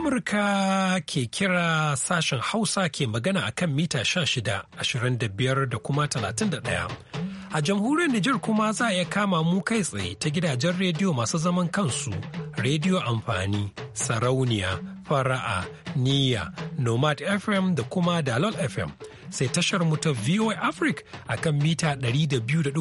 Amurka ke kira sashen Hausa ke magana a kan mita shida 25 da biyar da kuma talatin 31. A jamhuriyar Nijar kuma za a kama mu kai tsaye ta gidajen rediyo masu zaman kansu, rediyo amfani, sarauniya, fara'a, niyya, nomad FM da kuma dalol FM. sai tashar mu VOA Africa a kan mita 200.5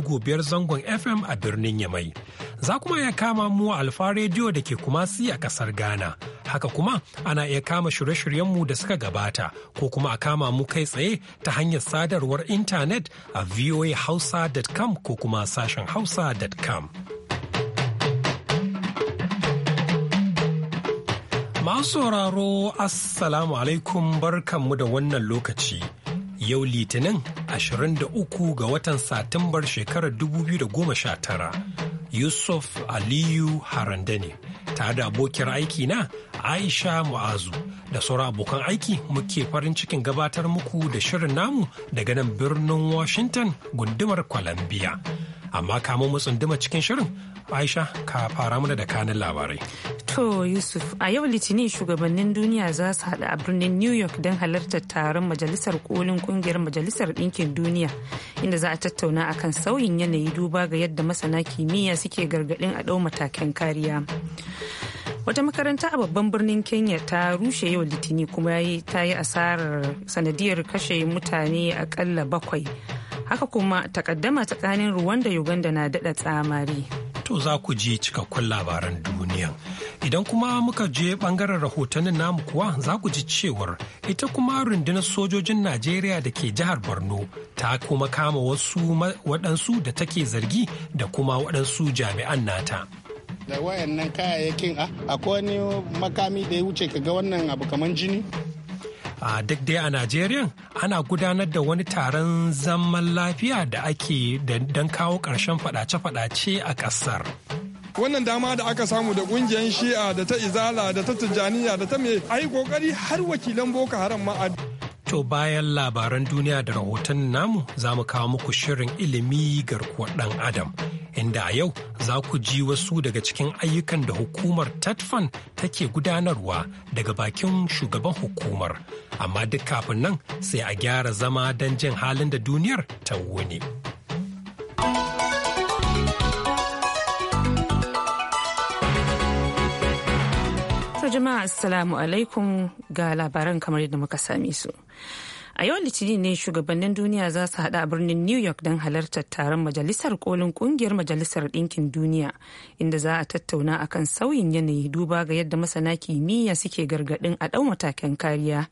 zangon FM a birnin Yamai. Za kuma iya kama mu a Alfa rediyo da ke Kumasi a kasar Ghana. Haka kuma ana iya kama shirye-shiryenmu da suka gabata ko kuma a kama mu kai tsaye ta hanyar sadarwar intanet a voahausa.com ko kuma sashen hausa.com. Masu sauraro Assalamu alaikum barkanmu da wannan lokaci. yau litinin 23 ga watan satumbar shekarar 2019 yusuf aliyu haranda ne tare da abokiyar aiki na aisha mu'azu da sauran abokan aiki muke farin cikin gabatar muku da shirin namu daga nan birnin washington gundumar columbia amma kamo mu tsunduma cikin shirin Aisha ka fara mana da kanin labarai. To Yusuf, a yau Litinin shugabannin duniya za su haɗu a birnin New York don halartar taron majalisar kolin kungiyar majalisar ɗinkin duniya inda za a tattauna akan sauyin yanayi duba ga yadda masana kimiyya suke gargaɗin a ɗau matakan kariya. wata makaranta a babban birnin kenya ta rushe yau litini kuma ta yi asarar sanadiyar kashe mutane akalla bakwai haka kuma takaddama tsakanin ruwanda uganda na daɗa tsamari to za ku ji cikakkun labaran duniya. Idan kuma muka je bangaren rahotannin namu kuwa za ku ji cewar ita kuma rundunar sojojin Najeriya da ke jihar Borno ta kuma kama wasu waɗansu da take zargi da kuma waɗansu jami'an nata. Da wayannan kayayyakin a akwai wani makami da ya wuce ka ga wannan abu kamar jini? a duk dai a najeriya ana gudanar da wani taron zaman lafiya da ake don kawo ƙarshen faɗace-faɗace a ƙasar wannan dama da aka samu da kungiyar shi'a da ta izala da ta tijjaniya da ta mai ai kokari har wakilan boko haram ma To bayan labaran duniya da rahoton namu za mu kawo muku shirin ilimi garkuwar ɗan adam inda a yau za ku ji wasu daga cikin ayyukan da hukumar tatfan take gudanarwa daga bakin shugaban hukumar amma duk kafin nan sai a gyara zama don jin halin da duniyar ta wuni. jama'a assalamu alaikum ga labaran kamar yadda muka same su a yau litinin ne shugabannin duniya za su hada a birnin new york don halartar taron majalisar kolin kungiyar majalisar ɗinkin duniya inda za a tattauna akan sauyin yanayi duba ga yadda masana kimiyya suke gargaɗin a ɗau matakan kariya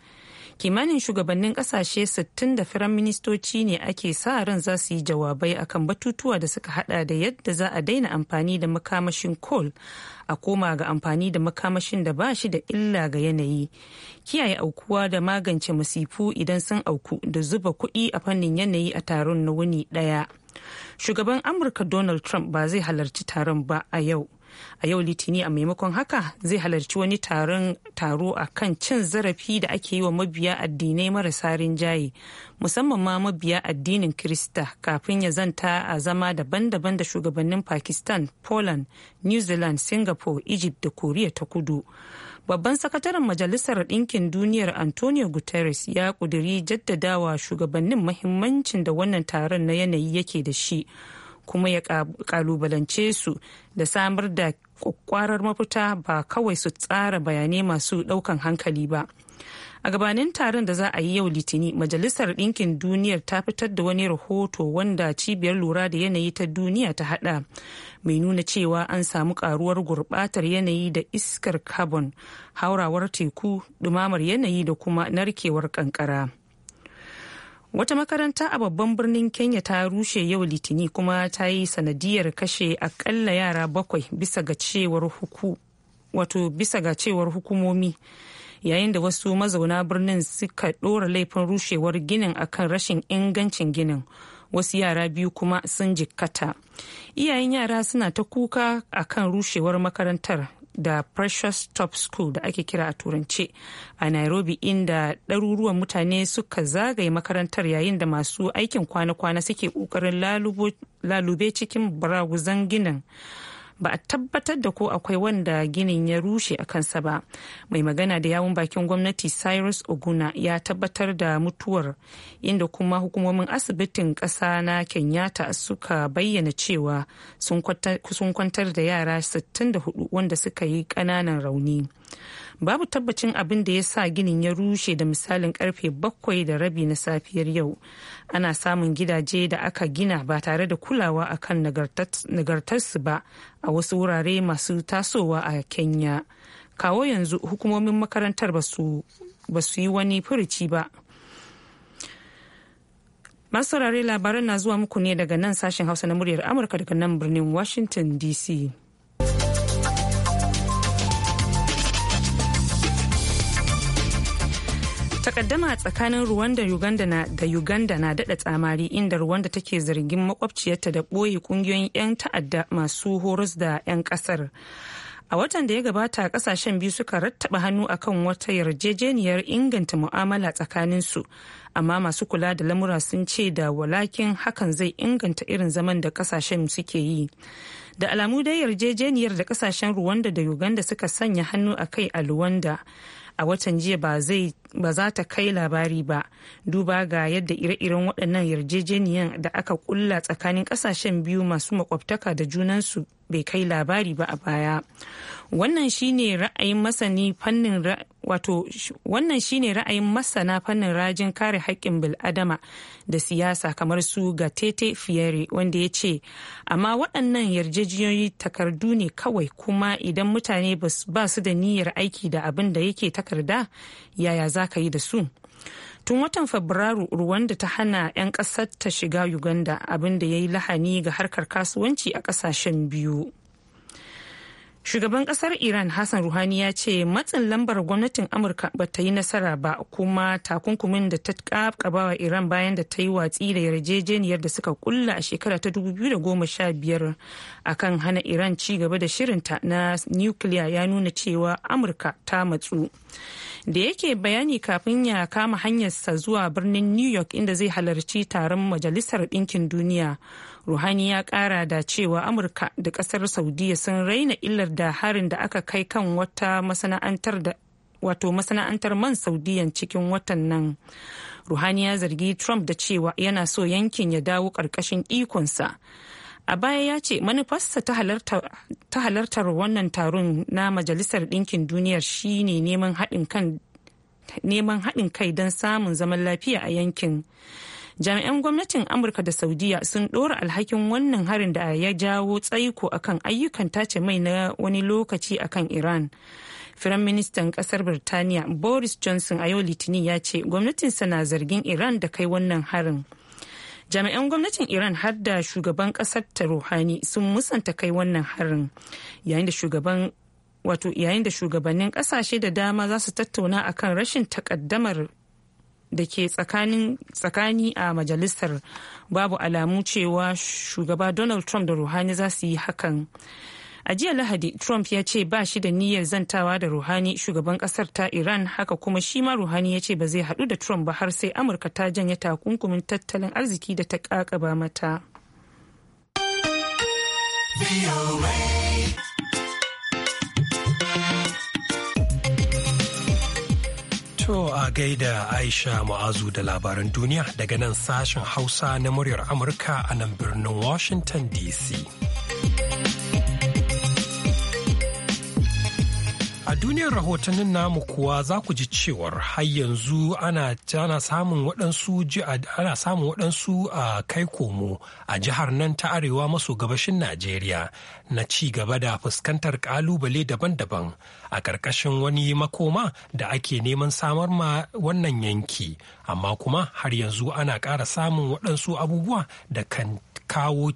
kimanin shugabannin kasashe 60 da firan ministoci ne ake sa ran za su yi jawabai akan batutuwa da suka hada da yadda za a daina amfani da makamashin coal a koma ga amfani da makamashin da ba shi da illa ga yanayi kiyaye aukuwa da magance masifu idan sun auku da zuba kuɗi a fannin yanayi a taron na wuni ɗaya shugaban amurka donald trump ba zai halarci taron ba a yau a yau litini a maimakon haka zai halarci wani taro a kan cin zarafi da ake yi wa mabiya addinai marasa rinjaye musamman ma mabiya addinin krista kafin ya zanta a zama daban-daban da shugabannin pakistan poland new zealand singapore egypt da korea ta kudu babban sakataren majalisar ɗinkin duniyar antonio guterres ya ƙudiri jaddadawa shugabannin mahimmancin da wannan taron na yanayi yake da shi kuma ya kalubalance su da samar da kwakwarar mafita ba kawai su tsara bayanai masu daukan hankali ba a gabanin taron da za a yi yau litini majalisar ɗinkin duniyar ta fitar da wani rahoto wanda cibiyar lura da yanayi ta duniya ta hada mai nuna cewa an samu karuwar gurbatar yanayi da iskar carbon haurawar teku dumamar yanayi da kuma narkewar kankara. wata makaranta a babban birnin kenya ta rushe yau litini kuma ta yi sanadiyar kashe akalla yara bakwai bisa ga cewar huku wato bisa ga cewar hukumomi yayin da wasu mazauna birnin suka ɗora laifin rushewar ginin akan rashin ingancin ginin wasu yara biyu kuma sun jikkata iyayen yara suna ta kuka akan rushewar makarantar da precious top school da ake kira a turance a nairobi inda ɗaruruwan mutane suka zagaye makarantar yayin da masu aikin kwana-kwana suke ƙoƙarin lalube cikin baraguzan ginin ba a tabbatar da ko akwai wanda ginin ya rushe a kansa ba mai magana da yawun bakin gwamnati cyrus oguna ya tabbatar da mutuwar inda kuma hukumomin asibitin ƙasa na kenyatta suka bayyana cewa sun kwantar da yara 64 wanda suka yi ƙananan rauni babu tabbacin abin da ya sa ginin ya rushe da misalin karfe bakwai da rabi na safiyar yau ana samun gidaje da aka gina ba tare da kulawa akan nagartarsu ba a wasu wurare masu tasowa a kenya kawo yanzu hukumomin makarantar ba su yi wani furuci ba masu labaran na zuwa muku ne daga nan sashen hausa na muryar amurka daga nan birnin washington dc takaddama tsakanin Rwanda Uganda na da Uganda na dada tsamari inda Rwanda take zargin makwabciyarta da ɓoye kungiyoyin 'yan ta'adda masu horus da 'yan kasar. A watan da ya gabata kasashen biyu suka rattaba hannu akan wata yarjejeniyar inganta mu'amala tsakaninsu, amma masu kula da lamura sun ce da walakin hakan zai inganta irin zaman da kasashen suke yi. Da alamu dai yarjejeniyar da kasashen Rwanda da Uganda suka sanya hannu a kai a Luwanda. a watan jiya ba za ta kai labari ba duba ga yadda ire-iren waɗannan yarjejeniyan da aka kulla tsakanin ƙasashen biyu masu makwabtaka da junansu bai kai labari ba a baya wannan shine ra'ayin masani fannin wato wannan shine ra'ayin masana fannin rajin kare haƙƙin bil'adama da siyasa kamar su ga tete fiyere wanda ya ce amma waɗannan yarjejiyoyi takardu ne kawai kuma idan mutane ba su da niyyar aiki da abin da yake takarda yaya za ka yi da su tun watan fabrairu da ta hana 'yan ƙasar ta shiga uganda abinda ya yi lahani ga harkar kasuwanci a ƙasashen biyu shugaban kasar iran hassan ruhani ya ce matsin lambar gwamnatin amurka ba ta yi nasara ba kuma takunkumin da ta kabawa iran bayan da ta yi watsi da yarjejeniyar da suka kulla a shekara ta 2015 akan hana iran ci gaba da shirinta na nukiliya ya nuna cewa amurka ta matsu da yake bayani kafin ya kama hanyarsa zuwa birnin new york inda zai halarci taron majalisar ɗinkin duniya ruhani ya kara da cewa amurka da kasar saudiya sun raina illar da harin da aka kai kan wata masana'antar da wato masana'antar man saudiyan cikin watan nan ruhani ya zargi trump da cewa yana so yankin ya dawo ƙarƙashin ikonsa a baya ya ce manufarsa ta halartar wannan taron na majalisar ɗinkin duniyar shine neman haɗin kai don samun zaman lafiya a yankin jami'an gwamnatin amurka da saudiya sun ɗora alhakin wannan harin da ya jawo tsaiko akan ayyukan tace mai na wani lokaci akan iran ministan kasar Birtaniya Boris Johnson a yau Litinin ya ce gwamnatinsa na zargin Iran da kai wannan harin. jami'an gwamnatin iran har da shugaban kasar ta ruhani sun musanta kai wannan harin yayin da shugaban wato yayin da shugabannin kasashe da dama za su tattauna akan rashin takaddamar da ke tsakani a majalisar babu alamu cewa shugaba donald trump da ruhani za su yi hakan a jiya lahadi trump ya ce ba shi da niyyar zantawa da ruhani shugaban kasar ta iran haka kuma shi ma ruhani ya ce ba zai hadu da trump ba har sai amurka ta janye takunkumin tattalin arziki da ta kakaba mata To a gaida Aisha Mu'azu da labaran duniya daga nan sashen Hausa na muryar Amurka a nan birnin Washington DC. duniyar rahotannin namu kuwa za ku ji cewar har yanzu ana samun waɗansu samun waɗansu a kai komo a jihar nan ta arewa maso gabashin Najeriya na ci gaba da fuskantar kalubale daban-daban a ƙarƙashin wani makoma da ake neman samar ma wannan yanki amma kuma har yanzu ana ƙara samun waɗansu abubuwa da kan kawo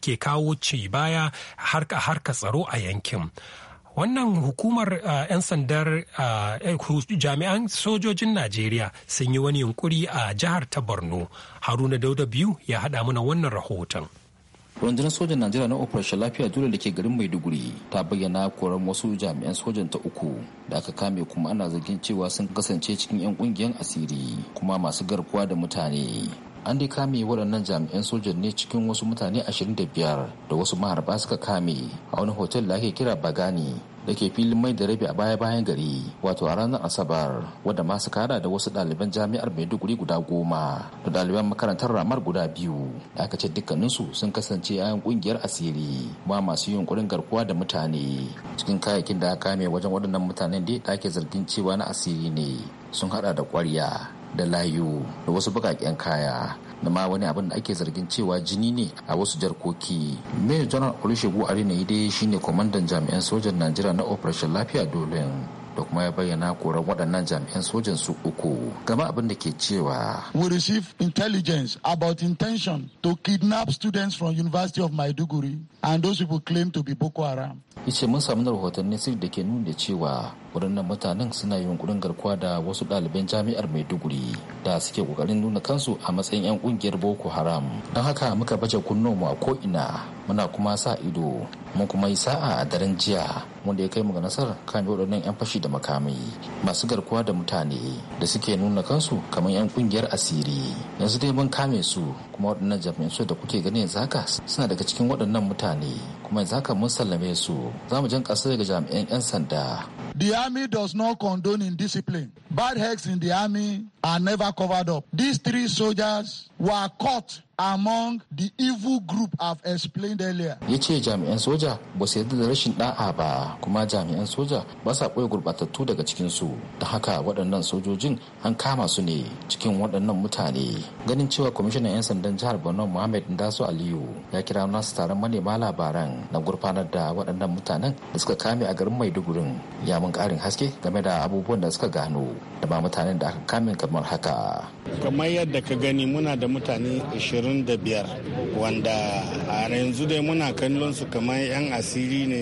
ke kawo ci baya harka harka tsaro a yankin wannan hukumar ah, 'yan sandar ah, eh, jami'an sojojin najeriya sun yi wani yunkuri a jihar ta borno haruna dauda biyu ya haɗa mana wannan rahoton rundunar sojan najeriya na operation lafiya dole da ke garin maiduguri ta bayyana koran wasu jami'an sojan ta uku da aka kame kuma ana zargin cewa sun kasance cikin 'yan kungiyar asiri kuma masu garkuwa da mutane an dai kame waɗannan jami'an sojan ne cikin wasu mutane 25 da wasu maharba suka kame a wani hotel da ake kira bagani da ke filin mai da rabi a baya bayan gari wato a ranar asabar wadda masu kada da wasu ɗaliban jami'ar mai maiduguri guda goma da ɗaliban makarantar ramar guda biyu da aka ce dukkaninsu sun kasance yayan ƙungiyar asiri ma masu yunkurin garkuwa da mutane cikin kayayyakin da aka kame wajen waɗannan mutanen da ake zargin cewa na asiri ne sun hada da kwarya da layu da wasu bukaken kaya da ma wani abin da ake zargin cewa jini ne a wasu jarkoki major general olusegun arinayi dai shine kwamandan jami'an sojan najeriya na operation lafiya dolin da kuma ya bayyana koran waɗannan jami'an sojan su uku gama abin da ke cewa we receive intelligence about intention to kidnap students from university of maiduguri and those people claim to be boko haram ice mun samu rahotanni sirri da ke nuna cewa waɗannan mutanen suna gudun garkuwa da wasu ɗaliban jami'ar maiduguri da suke ƙoƙarin nuna kansu a matsayin 'yan ƙungiyar boko haram don haka muka baje kunnuwanmu a ina muna kuma sa ido mun kuma yi sa'a a daren jiya wanda ya kai mu ga nasarar kan waɗannan 'yan fashi da makamai masu garkuwa da mutane da suke nuna kansu kamar 'yan kungiyar asiri yanzu dai mun kame su kuma waɗannan jami'an su da kuke gani yanzu haka suna daga cikin waɗannan mutane kuma yanzu haka mun sallame su za mu jan ƙasa daga jami'an 'yan sanda. The army does not condone indiscipline. Bad heads in the army are never covered up. These three soldiers were caught among the evil group I've explained earlier. Ya ce jami'an soja ba su yarda da rashin da'a ba kuma jami'an soja ba sa ɓoye gurɓatattu daga cikinsu da haka waɗannan sojojin an kama su ne cikin waɗannan mutane. Ganin cewa kwamishinan 'yan sandan jihar Borno Muhammad Ndaso Aliyu ya kira nasu taron manema labaran na gurfanar da waɗannan mutanen da suka kame a garin Maidugurin ya mun ƙarin haske game da abubuwan da suka gano da ba mutanen da aka kame kamar haka. Kamar yadda ka gani muna da mutane 20 25 wanda a yanzu dai muna kallon su kamar 'yan asiri ne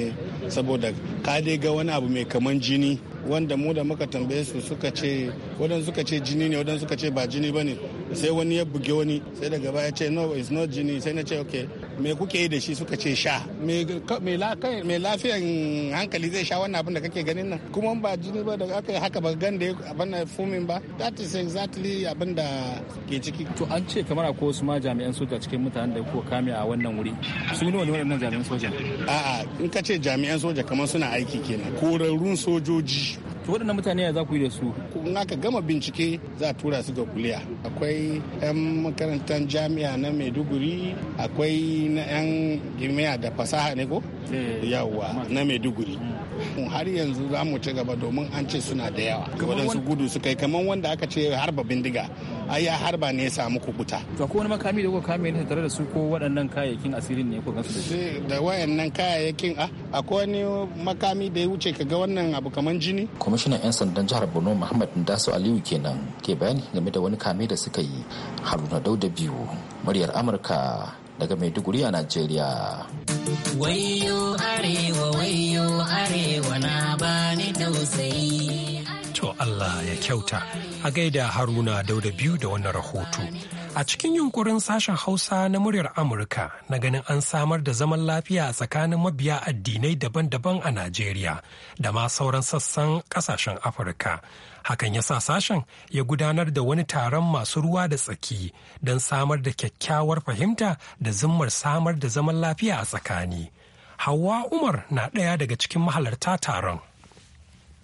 saboda ka dai ga wani abu mai kaman jini wanda mu da muka tambaye su suka ce wadanda suka ce jini ne wadanda suka ce ba jini bane sai wani ya buge wani sai daga baya ce no it's not jini sai na ce okay me kuke yi da shi suka ce sha me lafiyan hankali zai sha wannan abin da kake ganin nan kuma ba jini ba da aka haka ba gan da abin da fumin ba that is exactly abin da ke ciki to an ce kamar ko kowasu ma jami'an soja cikin mutanen da ko kame a wannan wuri su ne wani wannan jami'an soja a'a in ka ce jami'an soja kamar suna aiki kenan korarrun sojoji to waɗannan mutane ya za ku yi da su Na aka gama bincike za a tura su ga kuliya akwai 'yan makarantar jami'a na maiduguri akwai na 'yan jami'a da fasaha ne ko eh. yawwa na maiduguri mm. har yanzu za mu ci gaba domin an ce suna da yawa waɗansu gudu su kai kamar wanda aka ce harba bindiga ai ya harba ne ya samu kubuta to ko wani makami da kuka kame ne tare da su ko waɗannan kayayyakin asirin ne kuka gansu da eh, Da wayannan kayayyakin a ah, akwai wani makami da ya wuce ga wannan abu kaman jini kwamishinan yan sandan jihar Borno Muhammad ndasu Aliyu kenan ke bayani game da wani kame da suka yi Haruna Dauda biyu muryar Amurka daga Maiduguri a Najeriya wayo arewa wayo arewa na ba Allah ya kyauta a gaida Haruna Dauda biyu da wannan rahoto. A cikin yunkurin sashen Hausa na muryar Amurka na ganin an samar da zaman lafiya a tsakanin mabiya addinai daban-daban a Najeriya da ma sauran sassan kasashen Afirka. Hakan ya sa sashen ya gudanar da wani taron masu ruwa da tsaki don samar da kyakkyawar fahimta da zimmar samar da zaman lafiya a tsakani. Hawa Umar na ɗaya daga cikin mahalarta taron.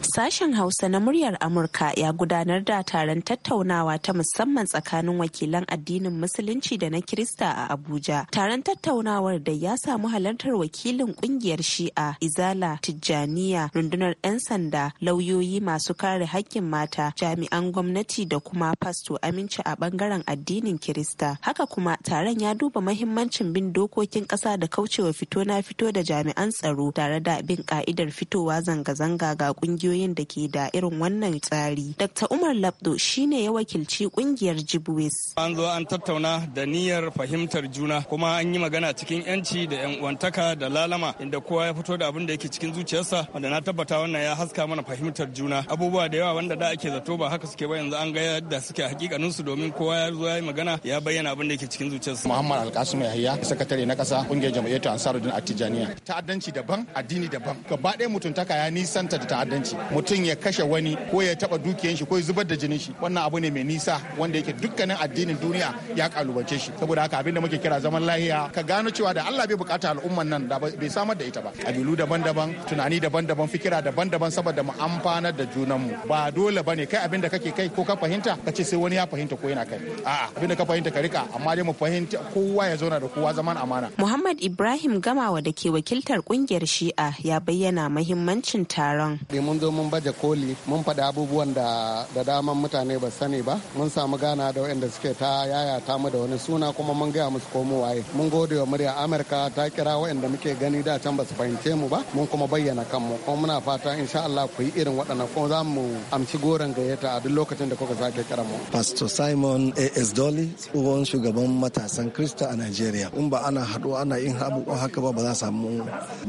Sashen Hausa na muryar Amurka ya gudanar da taron tattaunawa ta musamman tsakanin wakilan addinin Musulunci da na Kirista a Abuja. Taron tattaunawar da ya samu halartar wakilin kungiyar Shi'a, Izala, Tijjaniya, rundunar 'yan sanda, lauyoyi masu kare haƙƙin mata, jami'an gwamnati da kuma fasto aminci a bangaren addinin Kirista. Haka kuma taron ya duba mahimmancin bin dokokin ƙasa da kaucewa fito na fito da jami'an tsaro tare da bin ka'idar fitowa zanga-zanga ga kungiyar kungiyoyin da ke da irin wannan tsari. Dr. Umar Labdo ne ya wakilci kungiyar Jibwis. An zo an tattauna da niyyar fahimtar juna kuma an yi magana cikin yanci da yan uwantaka da lalama inda kowa ya fito da abin da yake cikin zuciyarsa wanda na tabbata wannan ya haska mana fahimtar juna. Abubuwa da yawa wanda da ake zato ba haka suke ba yanzu an ga yadda suke hakikanin su domin kowa ya zo ya yi magana ya bayyana abin da yake cikin zuciyarsa. Muhammad Alkasim Yahya, sakatare na kasa kungiyar jam'iyyar Ansaruddin Attijaniya. Ta'addanci daban, addini daban. Gaba ɗaya mutuntaka ya nisanta da ta'addanci. mutum ya kashe wani ko ya taba dukiyan shi ko ya zubar da jinin shi wannan abu ne mai nisa wanda yake dukkanin addinin duniya ya kalubace shi saboda haka abinda muke kira zaman lahiya ka gano cewa da Allah bai bukata al'umman nan da bai samar da ita ba kabilu daban-daban tunani daban-daban fikira daban-daban saboda mu amfanar da junanmu ba dole bane kai abinda kake kai ko ka fahimta ka ce sai wani ya fahimta ko yana kai a'a abinda ka fahimta ka rika amma dai mu fahimta kowa ya zauna da kowa zaman amana Muhammad Ibrahim Gamawa da ke wakiltar kungiyar Shi'a ya bayyana mahimmancin taron zo mun baje koli mun faɗi abubuwan da da daman mutane ba sani ba mun samu gana da wanda suke ta yaya ta mu da wani suna kuma mun gaya musu ko mu waye mun gode wa murya amurka ta kira waɗanda muke gani da can ba su fahimce mu ba mun kuma bayyana kanmu kuma muna fata insha Allah ku yi irin waɗannan kuma za mu amshi goron gayyata a duk lokacin da kuka sake kira mu pastor simon as dolly tsohon shugaban matasan krista a nigeria in ba ana haɗu ana yin abubuwa haka ba ba za samu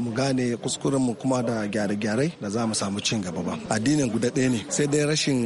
mu gane kuskuren mu kuma da gyare-gyare da za mu samu cin gaba ba addinin guda ɗaya ne sai dai rashin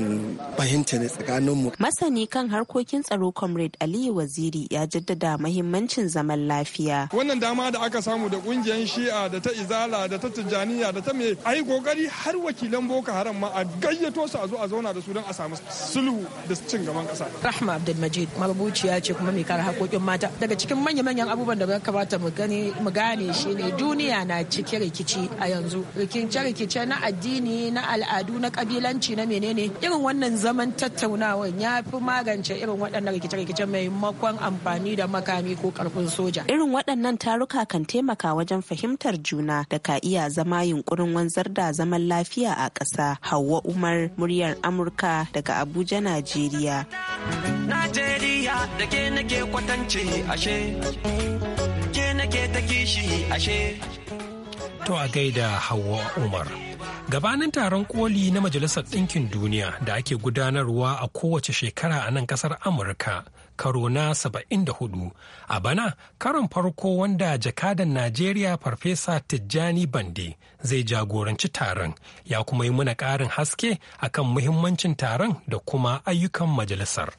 fahimta ne tsakanin mu masani kan harkokin tsaro comrade aliyu waziri ya jaddada mahimmancin zaman lafiya wannan dama da aka samu da kungiyar shi'a da ta izala da ta tijjaniya da ta me a kokari har wakilan boko haram ma a gayyato su a zo a zauna da su don a samu sulhu da cin gaban kasa rahma abdulmajid marubuciya ce kuma mai kare haƙoƙin mata daga cikin manya-manyan abubuwan da kamata mu gane mu gane shine duniya na cike rikici a yanzu rikice-rikice na addini na al'adu na kabilanci na menene irin wannan zaman tattaunawar ya fi magance irin waɗannan rikice-rikice maimakon amfani da makami ko karfin soja. Irin waɗannan taruka kan taimaka wajen fahimtar juna da ka iya zama yunkurin wanzar da zaman lafiya a ƙasa. Hauwa Umar muryar Amurka daga Abuja, Najeriya. Najeriya da ke nake kwatance ashe, ke nake ta kishi ashe. To a gaida Hauwa Umar. Gabanin taron koli na Majalisar Ɗinkin Duniya da ake gudanarwa a kowace shekara a nan ƙasar Amurka, karo na 74. A bana, karon farko wanda jakadan Najeriya Farfesa Tijjani Bande zai jagoranci taron, ya kuma yi muna ƙarin haske akan muhimmancin taron da kuma ayyukan majalisar.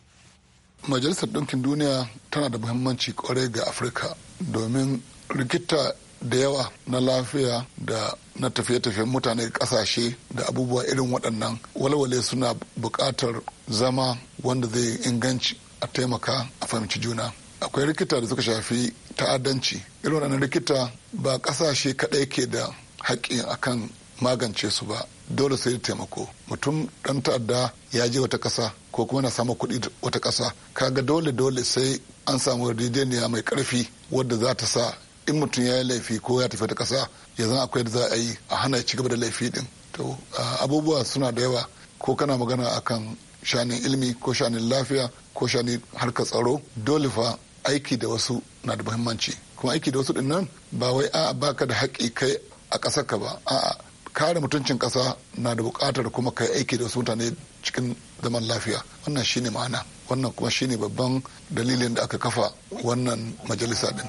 Majalisar Ɗinkin Duniya tana da muhimmanci kwarai ga Afirka domin rikita da yawa na lafiya da na tafiye-tafiyen mutane kasashe da abubuwa irin waɗannan walwale suna buƙatar zama wanda zai inganci a taimaka a fahimci juna akwai rikita da suka shafi ta'addanci irin waɗannan rikita ba ƙasashe kaɗai ke da haƙƙi akan magance su ba dole sai taimako mutum ɗan ta'adda ya je wata ƙasa ko kuma na samu kuɗi wata ƙasa kaga dole dole sai an samu yarjejeniya mai ƙarfi wadda za ta sa in mutum ya yi laifi ko ya tafi ta ƙasa ya zan akwai da za a yi a hana ci gaba da laifi din to abubuwa suna da yawa ko kana magana akan shanin ilimi ko shanin lafiya ko shanin harkar tsaro dole fa aiki da wasu na da muhimmanci kuma aiki da wasu din nan ba wai a baka da haƙi kai a ƙasar ka ba a'a kare mutuncin ƙasa na da buƙatar kuma kai aiki da wasu mutane cikin zaman lafiya wannan shine ma'ana wannan kuma shine babban dalilin da aka kafa wannan majalisa din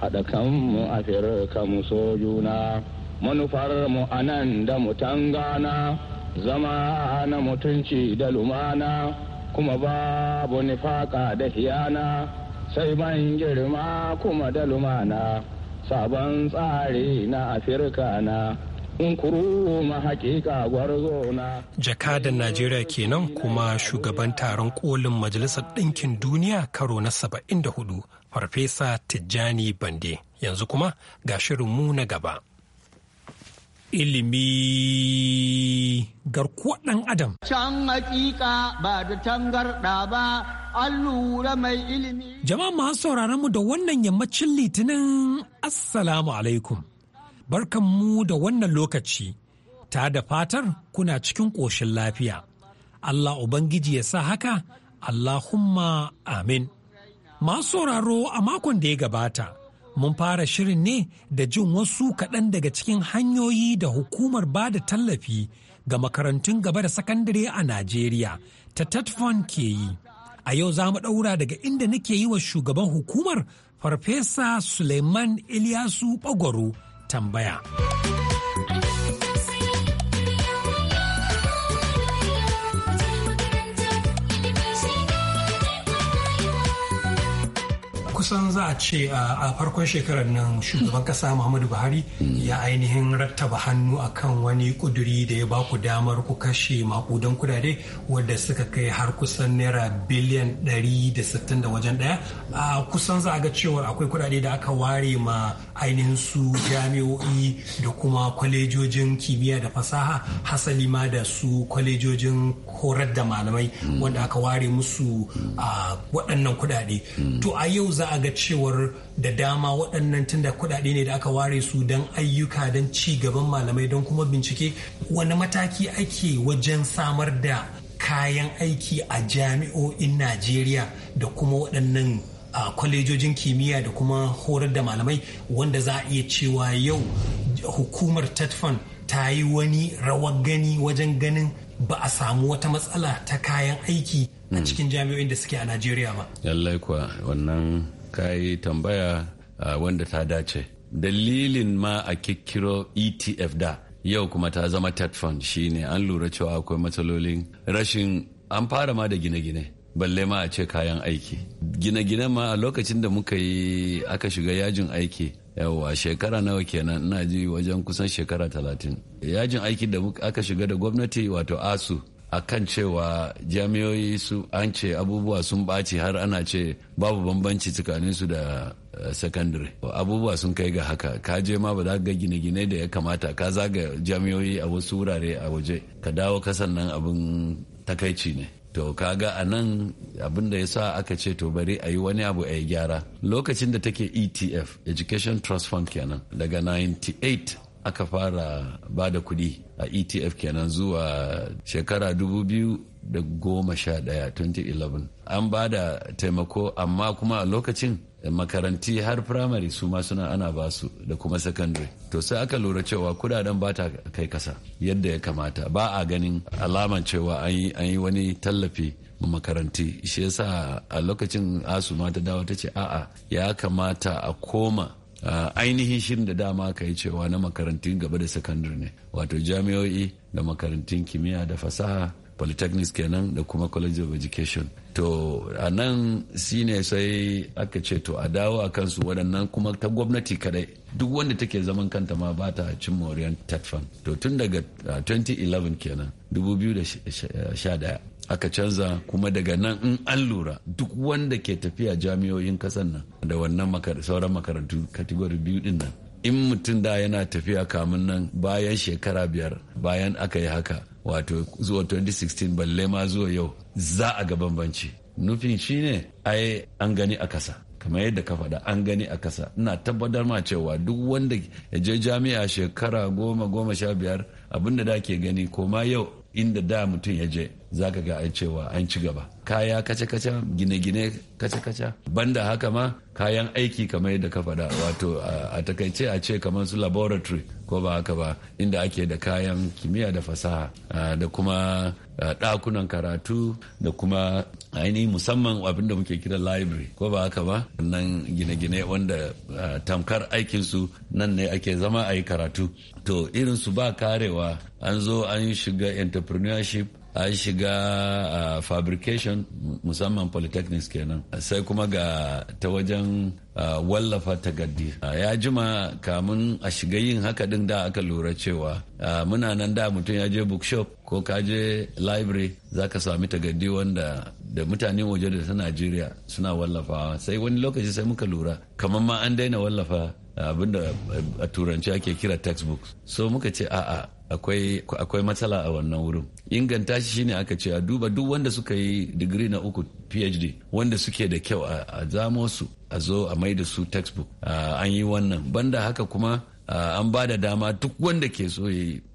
haɗa kanmu a kanmu so juna manufar mu anan da mu tangana zama na mutunci da lumana kuma babu nifaka da hiyana sai ban girma kuma da lumana sabon tsari na afirka na jakadan najeriya kenan kuma shugaban taron kolin majalisar ɗinkin duniya karo na 74 farfesa tijjani bande yanzu kuma ga shirinmu na gaba ilimi garkuwa ɗan adam can hakika ba da tangarɗa ba an mai ilimi. Jama'a masu sauraron mu da wannan yammacin litinin Assalamu alaikum. Barkan mu da wannan lokaci, ta da fatar kuna cikin ƙoshin lafiya. Allah Ubangiji ya sa haka, Allahumma amin. Masu sauraro a makon da ya gabata, mun fara shirin ne da jin wasu kaɗan daga cikin hanyoyi da hukumar ba da tallafi ga makarantun gaba da sakandare a Najeriya ta Tatfon ke yi. A yau za mu ɗaura daga inda nake yi wa shugaban hukumar Farfesa Suleiman iliyasu Bagwaro tambaya. kusan za a ce a farkon shekarar nan shugaban kasa muhammadu buhari ya ainihin rattaba hannu akan wani kuduri da ya ba ku damar ku kashe makudan kudade wadda suka kai har kusan naira biliyan 160 da sittin da wajen daya a kusan za a ga cewar akwai kudade da aka ware ma ainihin su jami'o'i da kuma kwalejojin kimiyya da fasaha hasali ma da su kwalejojin horar da malamai wanda aka ware musu waɗannan kudade to a yau za a ga cewar da dama waɗannan tunda kuɗaɗe ne da aka ware su don ayyuka don ci gaban malamai don kuma bincike wani mataki ake wajen samar da kayan aiki a jami'o'in najeriya da kuma waɗannan a kwalejojin kimiyya da kuma horar da malamai wanda za a iya cewa yau hukumar tetfan ta yi wani rawar gani wajen ganin ba a samu wata matsala ta kayan aiki a hmm. cikin jami'o'in da suke a najeriya ba lallai kuwa wannan ka yi tambaya wanda ta dace dalilin ma a kikkiro etf da yau kuma ta zama tet fund shine an lura cewa akwai matsalolin rashin an fara ma da gine-gine balle ma a ce kayan aiki gine-gine ma a lokacin da muka yi aka shiga yajin aiki yawa shekara nawa kenan ina ji wajen kusan shekara talatin yajin aiki da aka shiga da gwamnati wato asu a kan cewa jami'oyi su an ce abubuwa sun baci har ana ce babu bambanci su da eh, secondary abubuwa sun kai ga haka ka je ma ba za ga gine-gine da ya kamata ka zaga jami'oyi a wasu wurare a waje ka dawo kasan nan abin takaici ne to kaga a nan abin da ya sa aka ce to bari a yi wani abu a yi gyara lokacin da take etf education trust fund kenan daga 98 aka fara ba da kuɗi a etf kenan zuwa shekara 2011 2011 an ba da taimako amma kuma a lokacin makaranti har firamare su suna ana ba su da kuma secondary to sai aka lura cewa kudaden ba ta kai kasa yadda ya kamata ba a ganin alaman cewa an yi wani tallafi makaranti shi yasa a lokacin asu ta dawo ta ce a'a ya kamata a koma Ah, ainihin shirin da dama ka yi cewa na makarantun gaba da sakandare ne wato jami'o'i da makarantun kimiyya da fasaha polytechnics kenan da kuma college of education to a nan ne sai aka ce to a dawo a kansu waɗannan kuma ta gwamnati kadai duk wanda take zaman kanta ma ba ta cin moriyar to tun daga 2011 ah, kenan 2011 aka canza kuma daga nan in an lura duk wanda ke tafiya jami'o'in kasan nan da wannan sauran makarantu kategori biyu din nan in mutum da yana tafiya kamun nan bayan shekara biyar bayan aka yi haka wato zuwa 2016 balle ma zuwa yau za a ga bambanci nufin shine ai an gani a kasa kamar yadda ka faɗa an gani a kasa ina tabbatar ma cewa duk wanda ya je jami'a shekara goma goma sha biyar abinda da ke gani koma yau inda da mutum ya je za ka ga an cewa an ci gaba kaya kace-kace gine-gine kace-kace banda haka ma kayan aiki kamar yadda ka faɗa wato a takaice a ce kamar su laboratory ko ba haka ba inda ake da kayan kimiyya da fasaha da kuma ɗakunan karatu da kuma ainihin musamman abin da muke kira library ko ba haka ba nan gine-gine wanda tamkar aikinsu nan ne ake zama a yi karatu to irin su ba karewa an zo an shiga entrepreneurship A shiga a fabrication musamman polytechnics kenan sai kuma ga ta wajen wallafa tagaddi ya jima kamun a shiga yin haka din da aka lura cewa muna nan da mutum ya je bookshop ko ka je library za ka sami tagaddi wanda da mutane waje da ta najeriya suna wallafawa sai wani lokaci sai muka lura kamar ma an daina wallafa abinda a turanci ake kira textbook so muka ce a'a akwai matsala a wannan wurin inganta shi shine aka ce a duba duk wanda suka yi digiri na uku phd wanda suke da kyau a zamo su a zo a mai da su textbook an yi wannan banda haka kuma an ba da dama duk wanda ke so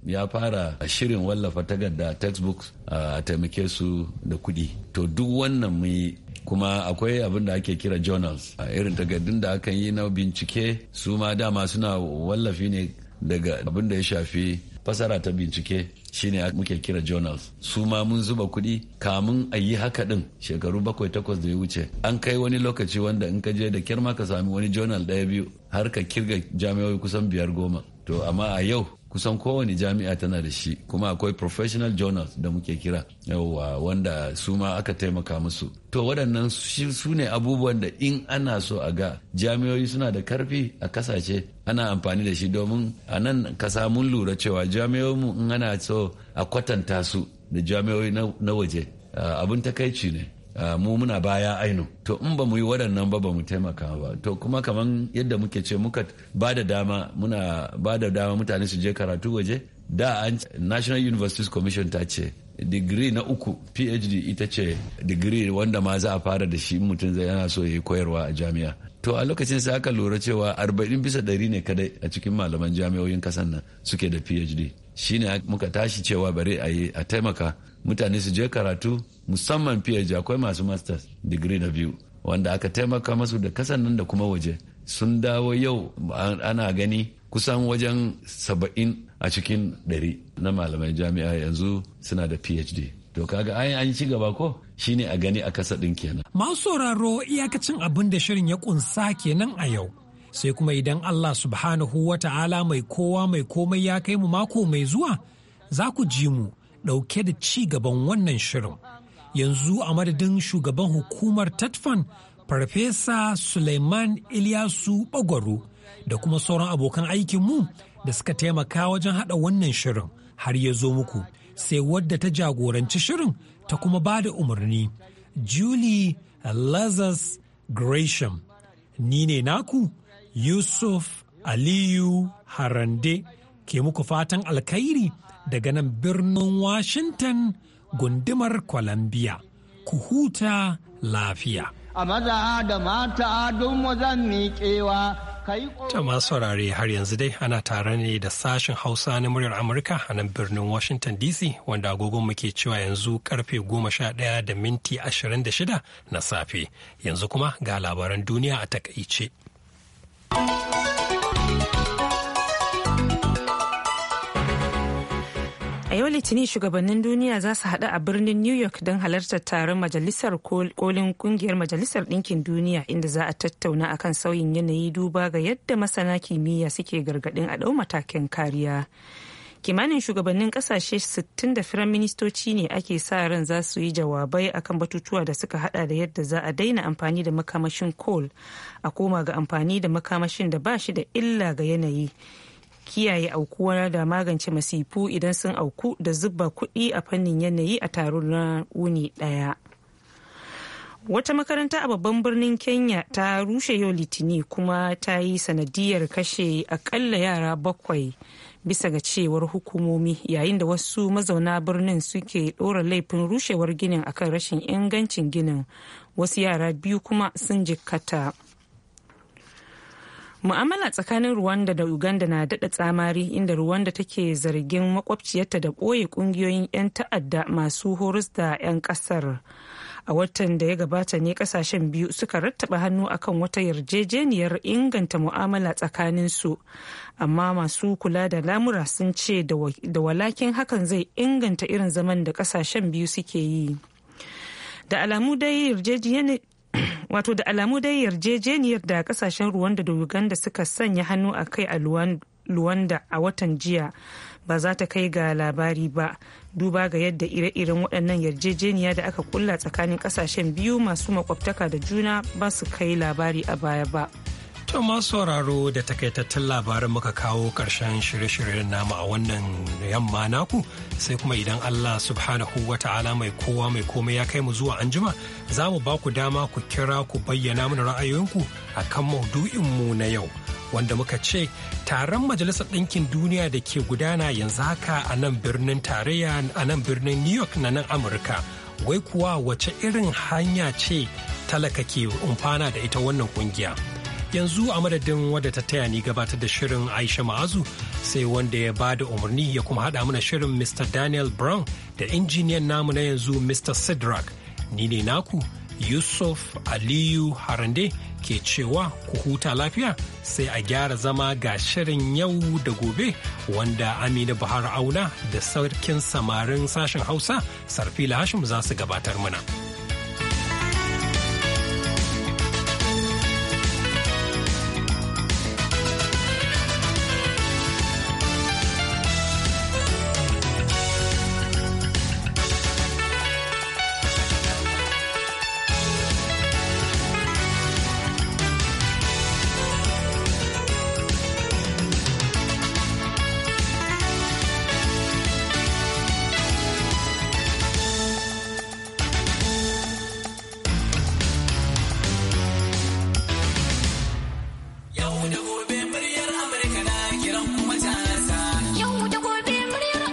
ya fara shirin wallafa takarda textbooks a taimake su da kuɗi to duk wannan mai kuma akwai abin da ake kira journals a irin takardun da akan yi na bincike su ma dama suna wallafi ne daga abin da ya shafi fasara ta bincike shine muke kira journals su ma mun zuba kuɗi kamun a yi haka ɗin shekaru bakwai takwas da ya wuce an kai wani lokaci wanda in ka je da kyar ma ka sami wani journal ɗaya biyu har ka kirga jami'oi kusan biyar goma to amma a yau kusan kowane jami'a tana da shi kuma akwai professional journals da muke kira yawwa wanda su ma aka taimaka musu to waɗannan su ne abubuwan da in ana so a ga jami'oyi suna da karfi a kasashe ana amfani da shi domin a nan kasa mun lura cewa jami'oyinmu in ana so a kwatanta su da jami'oyi na waje abin takaici ne Ah, mu muna baya aino to in ba mu yi waɗannan ba ba mu taimaka ba to kuma kamar yadda muke ce muka ba da dama muna ba da dama mutane su je karatu waje da an national universities commission ta ce digiri na uku phd ita ce digiri wanda ma za a fara da shi mutum zai yana so ya yi koyarwa a jami'a to a lokacin sai aka lura cewa arba'in bisa ɗari ne kadai a cikin malaman jami'oyin kasan nan suke da phd shine muka tashi cewa bari a yi a taimaka mutane su je karatu musamman phd akwai masu masters digiri na biyu wanda aka taimaka masu da kasan nan da kuma waje sun dawo yau ana gani kusan wajen saba'in a cikin ɗari na malamai jami'a yanzu suna da phd to kaga ai an ci gaba ko shine a gani a kasa ɗin kenan masu sauraro iyakacin abin da shirin ya kunsa kenan a yau sai kuma idan allah subhanahu wa ta'ala mai kowa mai komai ya kai mu mako mai zuwa za ku ji mu ɗauke da ci gaban wannan shirin. Yanzu a madadin shugaban hukumar Tatfan, Farfesa Suleiman Ilyasu Bagwaro da kuma sauran abokan aikinmu da suka taimaka wajen haɗa wannan shirin har ya zo muku. Sai wadda ta jagoranci shirin ta kuma ba da umarni. Julie Lazarus Gresham. Ni ne naku Yusuf Aliyu Harande ke muku fatan alkhairi. daga nan birnin Washington gundumar Columbia. Ku huta lafiya. A maza da mata don zan miƙewa. Ta masu saurare har yanzu dai ana tare ne da sashen Hausa na muryar Amurka a nan birnin Washington DC wanda agogon muke cewa yanzu karfe goma sha ɗaya da minti ashirin da shida na safe. Yanzu kuma ga labaran duniya a takaice. litinin shugabannin duniya za su haɗu a birnin new york don halartar taron majalisar kolin kungiyar majalisar ɗinkin duniya inda za a tattauna akan sauyin yanayi duba ga yadda masana kimiyya suke gargaɗin a ɗau matakin kariya kimanin shugabannin ƙasashe 60 da firan ministoci ne ake sa ran za su yi jawabai akan batutuwa da suka hada da yadda za a daina amfani da makamashin coal a koma ga amfani da makamashin da ba shi da illa ga yanayi kiyaye aukuwa da magance masifu idan sun auku da zuba kuɗi a fannin yanayi a taron na wuni ɗaya. wata makaranta a babban birnin kenya ta rushe yau litini kuma ta yi sanadiyar kashe akalla yara bakwai bisa ga cewar hukumomi yayin da wasu mazauna birnin suke ɗora laifin rushewar ginin akan rashin ingancin ginin wasu yara biyu kuma sun jikkata mu'amala tsakanin rwanda da uganda na daɗa tsamari inda rwanda take zargin makwabciyarta da ɓoye ƙungiyoyin 'yan ta'adda masu horus da 'yan ƙasar a watan da ya gabata ne kasashen biyu suka rattaba hannu akan wata yarjejeniyar inganta mu'amala tsakaninsu amma masu kula da lamura sun ce da walakin hakan zai inganta irin zaman da kasashen biyu suke yi da alamu dai wato da alamu dai yarjejeniyar da kasashen ruwanda da uganda suka sanya hannu a kai a luwanda a watan jiya ba za ta kai ga labari ba duba ga yadda ire-iren waɗannan yarjejeniya da aka kulla tsakanin kasashen biyu masu makwabtaka da juna ba su kai labari a baya ba. To masu sauraro da takaitattun labarin muka kawo ƙarshen shirye-shiryen namu a wannan yamma naku sai kuma idan Allah subhanahu wa ta'ala mai kowa mai komai ya kai mu zuwa anjima za mu ba ku dama ku kira ku bayyana mana ra'ayoyinku a kan mu na yau wanda muka ce taron majalisar ɗinkin duniya da ke gudana yanzu haka a nan birnin tarayya a nan birnin New York na nan Amurka wai kuwa wace irin hanya ce talaka ke umfana da ita wannan kungiya. yanzu a madadin wadda ta taya ni gabatar da shirin aisha ma'azu sai wanda ya ba da umarni ya kuma haɗa mana shirin mr daniel brown da injiniyan namu na yanzu mr sidrak ni ne naku yusuf aliyu harande ke cewa ku huta lafiya sai a gyara zama ga shirin yau da gobe wanda amina buhari auna da sarkin samarin sashen hausa sarfila hashim za su gabatar mana.